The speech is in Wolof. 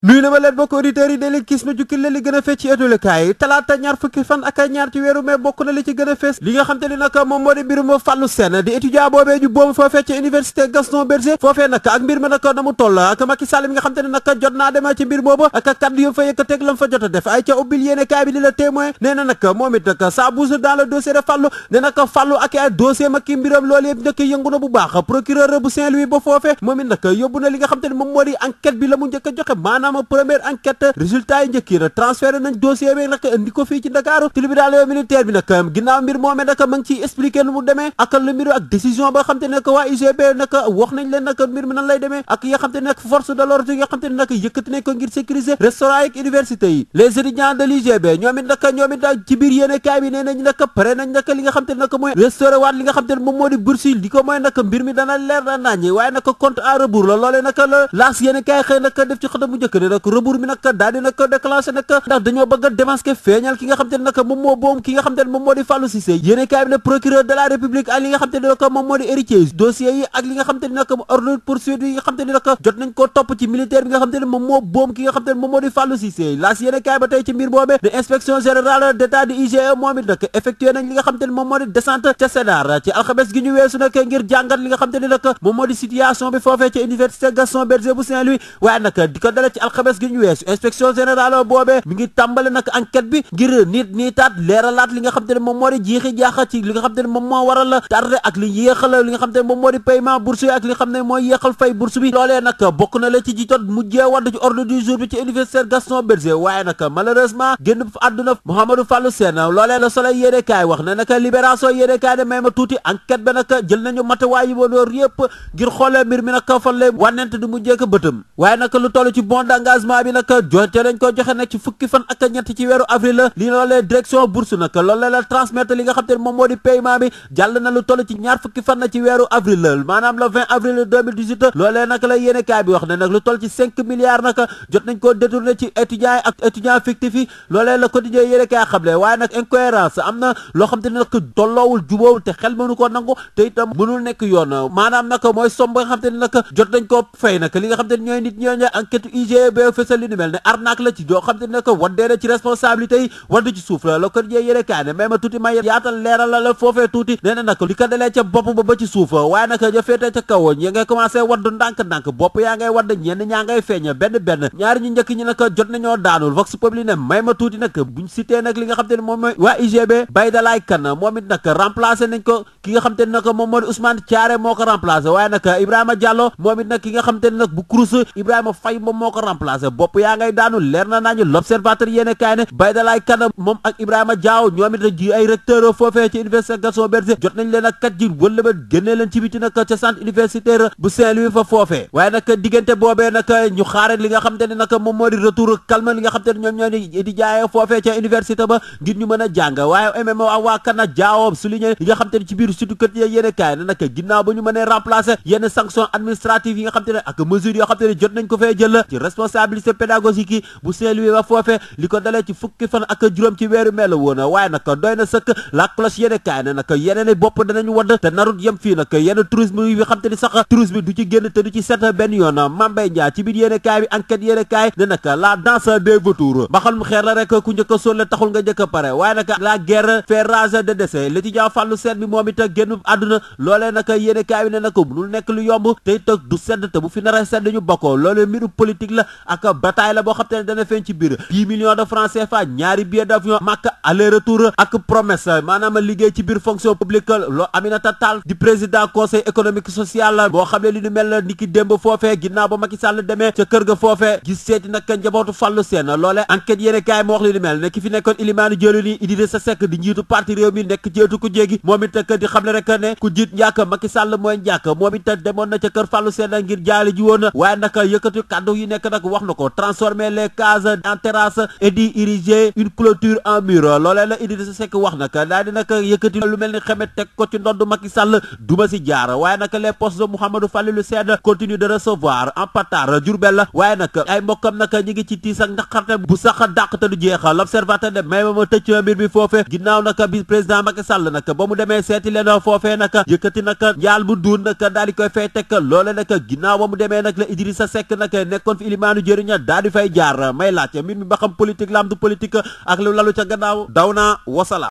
nuy na ma leen bokk auditeurs yi da leen gis na jukkil leen li gën a fees ci ëtulikaay talaata ñaar fukki fan ak ñaar ci weeru mai bokk na li ci gën a fees li nga xam te moom moo di mbirum Fallou Sène di étudiant boobee ju boobu foofee ci université Gaston Berger foofee nag ak mbir ma nag na mu toll ak Macky Sall mi nga xam te jot naa dema ci mbir boobu ak kaddu yëm fa yëkkateeg lam fa jot a def ay ca ubbil yéene kaay bi di la témoin nee na nag moom it nag ça bouge dans le dossier de Fallou ne nag Fallou ak nga xam te ne moom moo di enquête bi la mu maanaam première enquête résultat yi njëkk yi nag transféré nañ dossier bi nag indi ko ci Dakar tribunal ma lu mu demee ak lu mbir ak décision mbir mi nan lay demee ak yoo xam te ne nag force de l'ordre yoo xam te ne nag yëkkati nañ ngir sécuriser restaurant yeeg université yi les étudiants de l'UGB ñoom it nag ñoom it ci biir yéene kaay bi nee nañ nag pare nañ nag li nga xam te ne mooy restauré waat li nga xam te ne moo di bourse yi mooy nag ne nag rebours bi nag daal di nag déclenché nag ndax dañoo bëgg a feeñal ki nga xam te ne nag moom di Fallou Cissé yéene yi laas yéene ba tey ci mbir boobee ne inspection générale d'état du IGE moom it nag effectué nañ li nga xam te ne moom di descente ca Sénar ci alxames gi ñu weesu nag ngir jàngat li nga xam te ne nag moom di situation bi foofee ca université Gaston Berger Saint-Louis waaye nag di ko dale ci alxames gi ñu weesu inspection générale boobee mi ngi tàmbale nag enquête bi ngir nit niitaat leeralaat li nga xam te ne moom moo di jiixi jaaxa ci li nga xam te ne moom moo waral tardé ak li yéexal li nga xam te ne moom moo di paiement bourse yi ak li nga xam ne mooy yéexal fay bourse bi loolee nag bokk na la ci ji tot mujjee wadd ci ordre du jour bi ci université Gaston Berger waaye nag malheureusement génn àdduna Mouhamadou Fallou Sène loolee la Soleil ba engagement bi nag jonte lañ ko joxe nag ñett ci weeru avril li loolee direction bourse nag loolee la transmettre li nga xam te moom moo di paiement bi jàll na lu toll ci ñaar fukki fan na ci weeru avril maanaam le 20 avril 2018 loolee nag la yéene bi wax ne nag lu toll ci 5 milliards nag jot nañ ko détourné ci étudiants yi ak étudiants la quotidien yéene kaay xamle waaye nag incohérence am na loo xam te ne tolloowul jubóowul te xel ba fësal li ni mel ne benn benn ñaari ñu njëkk ñi nag jot nañoo daanul vox populi ne may ma tuuti nag buñ cité nag li nga xam te ne moom mooy waa UGB bay dalaay kan moom it nag remplacé ki nga xam te ne nag moom moo di Ousmane Thiaré moo ko remplacé waaye nag Ibrahima Diallo moom it nag ki nga xam te ne bu kurus Ibrahima Faye moom moo ko remplacé remplacer bopp yaa ngay daanu leer na nañu l'observateur yéene kaay ne Baydalaay Kana moom ak Ibrahima Diaw ñoom ay recteur foofee ci université Gaston Berger jot nañ leen ak kat ji wëllëbët génnee leen ci biti nag ca centre universitaire bu Saint-Louis fa foofee waaye nag diggante boobee nag ñu xaare li nga xam te ne retour calme li nga xam te ne ñoom ñoo di jaayee foofee ca université ba ngir ñu mën a jàng waaye MMO waa Kana Diaw responsabilité pédagogique yi bu Saint-Louis ba foofe li ko dalee ci fukki fan ak juróom ci weeru mel woon waaye nag doy na sëkk la cloche yéene kaay ne nag bi du ci génn ku njëkk nga njëkk a pare waaye nag la guerre fait nekk lu yomb te it du sedd te bu fi nar a sedd ñu bokkoo loolee mbiru politique la ak bataille la boo xam te ne dana feeñ ci biir 10 millions de francs CFA ñaari billet d'avion Makka aller retour ak promesse maanaam liggéey ci biir fonction publique loo Aminata Tall di président conseil économique social boo xam li ñu mel la démb foofee ginnaaw ba Macky Sall demee ca kër ga foofee gis seeti nag njabootu Fallou Sène loole enquête yéene moo wax li ñu mel ne ki fi nekkoon Ilimane Diallo ni Idrissa Seck di njiitu di xam ne transformer les cases en terrasse et d'y ériger une clôture en mur loolee la Idrissa Seck wax nag daal di nag yëkkati lu mel ni xemet teg ko ci ndodd Macky Sall du ma jaar les postes de Mouhamadou le Sène continue de recevoir en patar Diourbel waaye nag ay mbokkam nag ñi ngi ci tiis ak bu du l'observateur de même ma ma tëcc mbir bi foofe ginnaaw nag bi président Macky Sall nag ba mu demee seeti leen foofee nag yëkkati nag njaal bu duun nag daal koy fay teg loole nag ginnaaw ba mu demee nag la Idrissa Seck nag nekkoon fi Souleymane Jëriñ daa di fay jaar may laajte mbir mi ba xam politique la am du politique ak lu lalu ca gannaaw daw na wasala